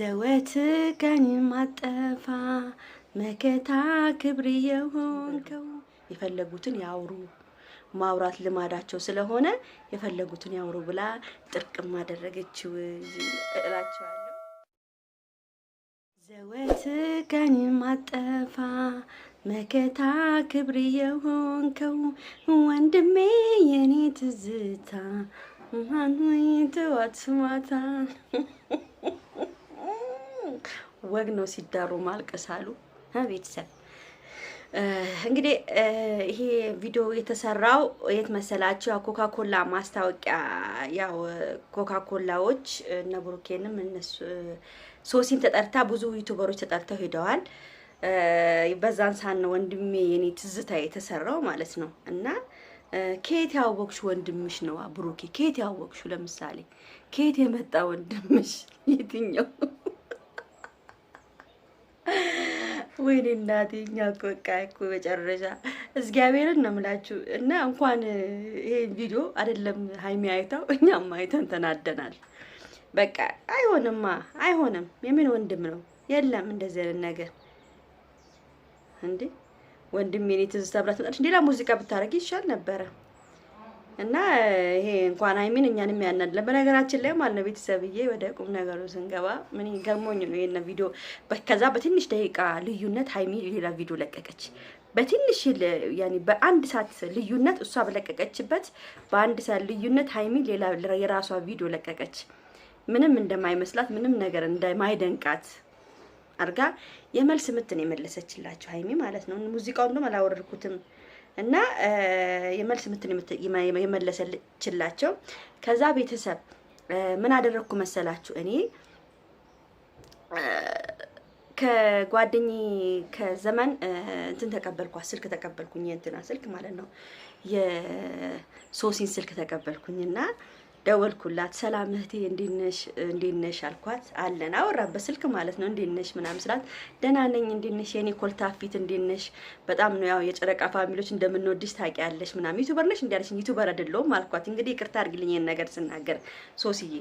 ዘወት ቀን ማጠፋ መከታ ክብር የሆንከው የፈለጉትን ያውሩ ማውራት ልማዳቸው ስለሆነ የፈለጉትን ያውሩ ብላ ጥርቅም አደረገችው እላቸዋለሁ። ዘወት ቀን ማጠፋ መከታ ክብር የሆንከው ወንድሜ የኔ ትዝታ ማኑ ተዋት ማታ ወግ ነው ሲዳሩ ማልቀስ አሉ ቤተሰብ። እንግዲህ ይሄ ቪዲዮ የተሰራው የት መሰላችሁ? ኮካኮላ ማስታወቂያ ያው ኮካኮላዎች ኮላዎች እነ ብሩኬንም እነሱ ሶሲም ተጠርታ ብዙ ዩቱበሮች ተጠርተው ሄደዋል። በዛን ሳን ነው ወንድሜ የኔ ትዝታ የተሰራው ማለት ነው። እና ከየት ያወቅሽ ወንድምሽ ነው ብሩኬ? ከየት ያወቅሽ? ለምሳሌ ከየት የመጣ ወንድምሽ የትኛው ወይኔ እናቴ እኛ እኮ በቃ እኮ መጨረሻ እግዚአብሔርን ነው የምላችሁ። እና እንኳን ይሄን ቪዲዮ አይደለም ሀይሚ አይታው እኛም አይተን ተናደናል። በቃ አይሆንማ፣ አይሆንም። የምን ወንድም ነው? የለም እንደዚህ አይነት ነገር እንዴ! ወንድም የኔ ትዝታ ብላት መጣች። ሌላ ሙዚቃ ብታረግ ይሻል ነበረ። እና ይሄ እንኳን ሀይሚን እኛንም ያናድለን። በነገራችን ላይ ማለት ነው ቤተሰብዬ፣ ወደ ቁም ነገሩ ስንገባ ምን ገርሞኝ ነው ይሄን ቪዲዮ ከዛ በትንሽ ደቂቃ ልዩነት ሀይሚ ሌላ ቪዲዮ ለቀቀች። በትንሽ ያኔ በአንድ ሰዓት ልዩነት እሷ በለቀቀችበት በአንድ ሰዓት ልዩነት ሀይሚ ሌላ የራሷ ቪዲዮ ለቀቀች። ምንም እንደማይመስላት ምንም ነገር እንደማይደንቃት አድርጋ የመልስ ምትን የመለሰችላቸው ሀይሚ ማለት ነው። ሙዚቃውን ደሞ አላወረድኩትም እና የመልስ ምትን የመለሰችላቸው። ከዛ ቤተሰብ ምን አደረግኩ መሰላችሁ እኔ ከጓደኝ ከዘመን እንትን ተቀበልኳት ስልክ ተቀበልኩኝ፣ እንትና ስልክ ማለት ነው የሶሲን ስልክ ተቀበልኩኝ እና ደወልኩላት። ሰላም እህቴ እንዲነሽ እንዲነሽ አልኳት። አለን አወራን በስልክ ማለት ነው። እንዲነሽ ምናምን ስላት ደህና ነኝ እንዲነሽ፣ የኔ ኮልታ ኮልታፊት እንዲነሽ፣ በጣም ነው ያው የጨረቃ ፋሚሊዎች እንደምንወድሽ ታውቂያለሽ ምናምን። ዩቲዩበር ነሽ እንዲያለሽ ዩቲዩበር አይደለሁም አልኳት። እንግዲህ ይቅርታ አድርግልኝ ይሄን ነገር ስናገር። ሶስዬ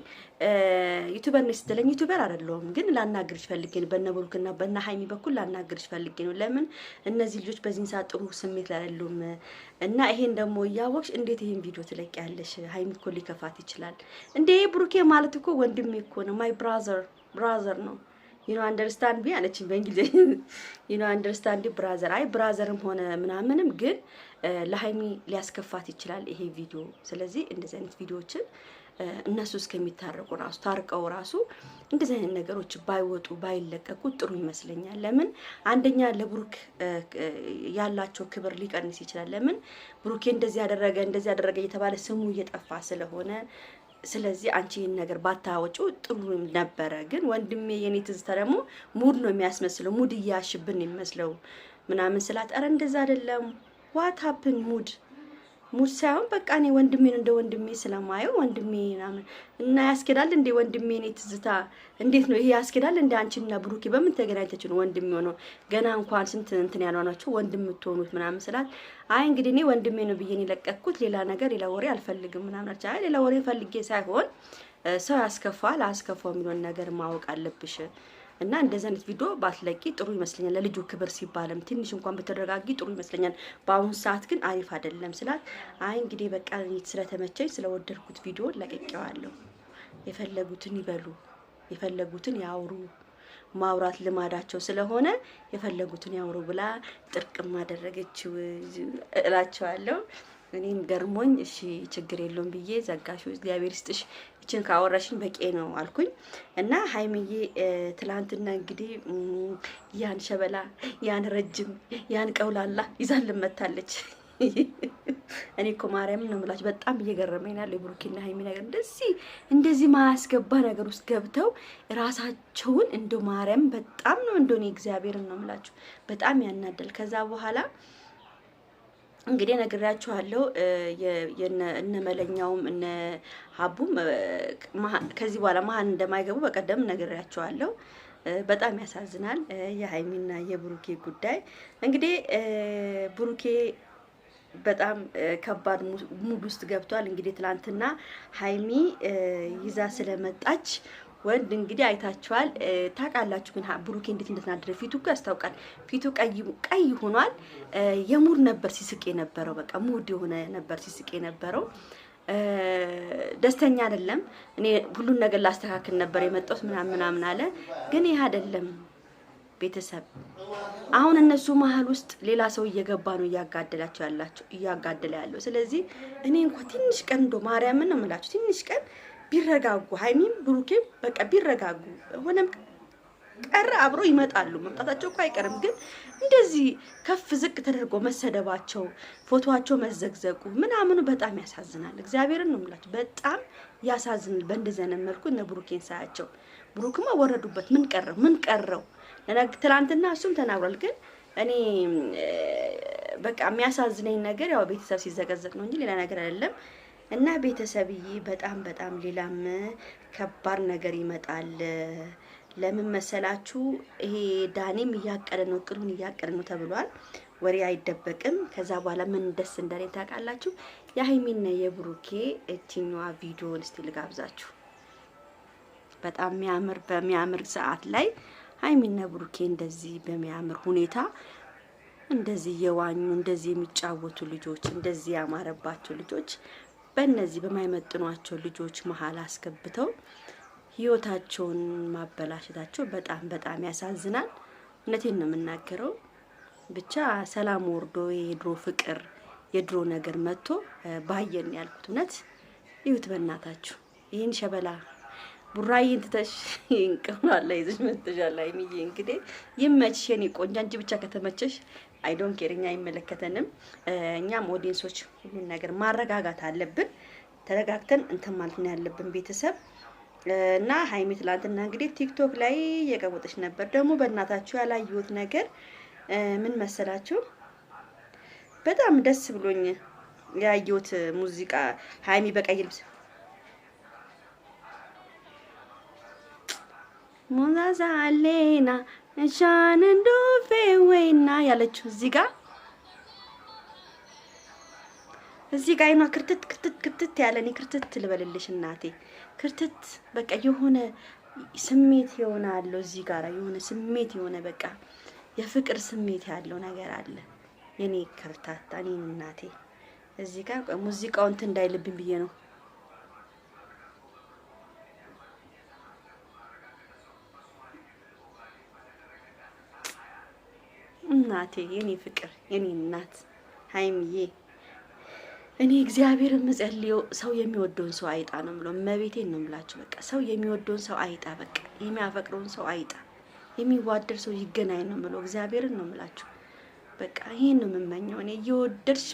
ዩቲዩበር ነሽ ስትለኝ ዩቲዩበር አይደለሁም ግን ላናግርሽ ፈልጌ ነው። በእነ ብሩክና በእነ ሀይሚ በኩል ላናግርሽ ፈልጌ ነው። ለምን እነዚህ ልጆች በዚህን ሰዓት ጥሩ ስሜት ላይ አይደሉም እና ይሄን ደግሞ እያወቅሽ እንዴት ይሄን ቪዲዮ ትለቂያለሽ? ሀይሚ እኮ ሊከፋት ይችላል። እንዴ ብሩኬ ማለት እኮ ወንድሜ እኮ ነው። ማይ ብራዘር ብራዘር ነው ዩኖ አንደርስታንድ ቢ አለችኝ በእንግሊዝ ዩኖ አንደርስታንድ ብራዘር። አይ ብራዘርም ሆነ ምናምንም ግን ለሀይሚ ሊያስከፋት ይችላል ይሄ ቪዲዮ። ስለዚህ እንደዚህ አይነት ቪዲዮዎችን እነሱ እስከሚታረቁ ራሱ ታርቀው ራሱ እንደዚህ አይነት ነገሮች ባይወጡ ባይለቀቁ ጥሩ ይመስለኛል። ለምን አንደኛ ለብሩክ ያላቸው ክብር ሊቀንስ ይችላል። ለምን ብሩኬ እንደዚህ ያደረገ እንደዚህ ያደረገ እየተባለ ስሙ እየጠፋ ስለሆነ ስለዚህ አንቺ ይህን ነገር ባታወጪው ጥሩ ነበረ። ግን ወንድሜ የኔ ትዝታ ደግሞ ሙድ ነው የሚያስመስለው፣ ሙድ እያሽብን የሚመስለው ምናምን ስላት፣ ኧረ እንደዛ አይደለም ዋት ሀፕን ሙድ ሙድ ሳይሆን በቃ እኔ ወንድሜን እንደ ወንድሜ ስለማየው ወንድሜ ምናምን እና ያስኬዳል እንዴ ወንድሜ እኔ ትዝታ እንዴት ነው ይሄ ያስኬዳል እንደ እና ብሩኬ በምን ተገናኝታችሁ ነው ወንድም የሆነው? ገና እንኳን ስንት እንትን ያሏናቸው ወንድም የምትሆኑት ምናምን ስላል አይ እንግዲህ እኔ ወንድሜ ነው ብዬን የለቀቅኩት ሌላ ነገር ሌላ ወሬ አልፈልግም ምናምን አለች። ሌላ ወሬ ፈልጌ ሳይሆን ሰው ያስከፋል አስከፋው የሚለውን ነገር ማወቅ አለብሽ እና እንደዚህ አይነት ቪዲዮ ባትለቂ ጥሩ ይመስለኛል። ለልጁ ክብር ሲባልም ትንሽ እንኳን ብትረጋጊ ጥሩ ይመስለኛል። በአሁኑ ሰዓት ግን አሪፍ አይደለም ስላት፣ አይ እንግዲህ በቃ ስለተመቸኝ ስለወደድኩት ቪዲዮ ለቅቄዋለሁ። የፈለጉትን ይበሉ፣ የፈለጉትን ያውሩ ማውራት ልማዳቸው ስለሆነ የፈለጉትን ያውሩ ብላ ጥርቅም አደረገችው እላቸዋለሁ። እኔም ገርሞኝ እሺ ችግር የለውም ብዬ ዘጋሹ። እግዚአብሔር ይስጥሽ ይችን ካወራሽኝ በቂ ነው አልኩኝ እና ሀይምዬ ትላንትና እንግዲህ ያን ሸበላ ያን ረጅም ያን ቀውላላ ይዛን ልመታለች። እኔ እኮ ማርያም ነው የምላችሁ፣ በጣም እየገረመኝ ነው ያለው ሀይሚ ነገር። እንደዚህ እንደዚህ ማያስገባ ነገር ውስጥ ገብተው ራሳቸውን እንደ ማርያም በጣም ነው እንደኔ እግዚአብሔርን ነው የምላችሁ፣ በጣም ያናደል። ከዛ በኋላ እንግዲህ ነግራችኋለሁ። እነ መለኛውም እነ ሀቡም ከዚህ በኋላ መሀል እንደማይገቡ በቀደም ነግራችኋለሁ። በጣም ያሳዝናል የሀይሚና የብሩኬ ጉዳይ። እንግዲህ ብሩኬ በጣም ከባድ ሙድ ውስጥ ገብቷል። እንግዲህ ትናንትና ሀይሚ ይዛ ስለመጣች ወንድ እንግዲህ አይታችኋል ታውቃላችሁ። ግን ብሩኬ እንዴት እንደተናደረ ፊቱ እኮ ያስታውቃል። ፊቱ ቀይ ሆኗል። የሙድ ነበር ሲስቅ የነበረው። በቃ ሙድ የሆነ ነበር ሲስቅ የነበረው። ደስተኛ አይደለም። እኔ ሁሉን ነገር ላስተካክል ነበር የመጣሁት ምናምን ምናምን አለ። ግን ይህ አይደለም ቤተሰብ። አሁን እነሱ መሀል ውስጥ ሌላ ሰው እየገባ ነው እያጋደላቸው ያላቸው እያጋደለ ያለው። ስለዚህ እኔ እንኳ ትንሽ ቀን እንደው ማርያምን ነው የምላቸው ትንሽ ቀን ቢረጋጉ ሀይሚም ብሩኬም በቃ ቢረጋጉ ሆነም ቀረ አብሮ ይመጣሉ። መምጣታቸው እኮ አይቀርም። ግን እንደዚህ ከፍ ዝቅ ተደርጎ መሰደባቸው፣ ፎቶዋቸው መዘግዘቁ ምናምኑ በጣም ያሳዝናል። እግዚአብሔርን ነው የምላቸው፣ በጣም ያሳዝናል። በእንደዚህ አይነት መልኩ እነ ብሩኬን ሳያቸው፣ ብሩክማ ወረዱበት። ምን ቀረው? ምን ቀረው? ትላንትና እሱም ተናግሯል። ግን እኔ በቃ የሚያሳዝነኝ ነገር ያው ቤተሰብ ሲዘገዘቅ ነው እንጂ ሌላ ነገር አይደለም። እና ቤተሰብዬ በጣም በጣም ሌላም ከባድ ነገር ይመጣል። ለምን መሰላችሁ? ይሄ ዳኔም እያቀደ ነው፣ እቅዱን እያቀደ ነው ተብሏል። ወሬ አይደበቅም። ከዛ በኋላ ምን ደስ እንደሌለ ታውቃላችሁ። የሀይሚና የብሩኬ እችኛዋ ቪዲዮን እስቲ ልጋብዛችሁ። በጣም የሚያምር በሚያምር ሰዓት ላይ ሀይሚና ብሩኬ እንደዚህ በሚያምር ሁኔታ እንደዚህ የዋኙ እንደዚህ የሚጫወቱ ልጆች እንደዚህ ያማረባቸው ልጆች በእነዚህ በማይመጥኗቸው ልጆች መሀል አስገብተው ህይወታቸውን ማበላሸታቸው በጣም በጣም ያሳዝናል። እውነቴን ነው የምናገረው። ብቻ ሰላም ወርዶ የድሮ ፍቅር የድሮ ነገር መጥቶ ባየን ያልኩት እውነት ይሁት በእናታችሁ ይህን ሸበላ ቡራዬን ትተሽ ይህን ቀኗ ላይ ይዘሽ መጥተሻል። ሀይሚዬ እንግዲህ ይመችሽ የኔ ቆንጆ፣ አንቺ ብቻ ከተመቸሽ አይ ዶንት ኬር እኛ አይመለከተንም። እኛም ኦዲንሶች ሁሉን ነገር ማረጋጋት አለብን። ተረጋግተን እንትን ማለት ነው ያለብን ቤተሰብ እና ሀይሚ ትላንትና እንግዲህ ቲክቶክ ላይ እየቀወጠች ነበር። ደግሞ በእናታችሁ ያላየሁት ነገር ምን መሰላችሁ? በጣም ደስ ብሎኝ ያየሁት ሙዚቃ ሀይሚ በቀይ ልብስ ሙዛዛ አሌና እሻን እንዶፌ ወይና ያለችው እዚህ ጋር እዚህ ጋር አይኗ ክርትት ክርትት ክርትት ያለ እኔ ክርትት ልበልልሽ እናቴ ክርትት በቃ የሆነ ስሜት የሆነ አለው እዚህ ጋር የሆነ ስሜት የሆነ በቃ የፍቅር ስሜት ያለው ነገር አለ። የኔ እኔን እናቴ እዚህ ጋር ሙዚቃውን እንትን እንዳይልብኝ ብዬ ነው። እናቴ የኔ ፍቅር የኔ እናት ሀይምዬ እኔ እግዚአብሔር ምጸልየው ሰው የሚወደውን ሰው አይጣ ነው ምለው መቤቴን ነው ምላችሁ። በቃ ሰው የሚወደውን ሰው አይጣ፣ በቃ የሚያፈቅረውን ሰው አይጣ፣ የሚዋደድ ሰው ይገናኝ ነው ምለው እግዚአብሔርን ነው ምላችሁ። በቃ ይሄን ነው የምመኘው እኔ። እየወደድሽ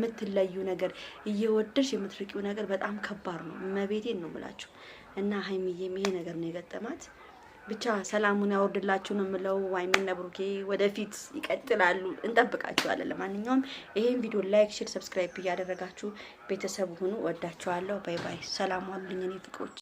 የምትለዩ ነገር እየወደድሽ የምትርቂው ነገር በጣም ከባድ ነው። መቤቴን ነው ምላችሁ እና ሀይሚዬም ይሄ ነገር ነው የገጠማት። ብቻ ሰላሙን ያወርድላችሁ ነው የምለው። ዋይሚን ነብሩኬ ወደፊት ይቀጥላሉ፣ እንጠብቃችኋለን። ለማንኛውም ይሄን ቪዲዮ ላይክ፣ ሼር፣ ሰብስክራይብ እያደረጋችሁ ቤተሰብ ሁኑ። ወዳችኋለሁ። ባይ ባይ። ሰላም ዋሉልኝ የኔ ፍቅሮች።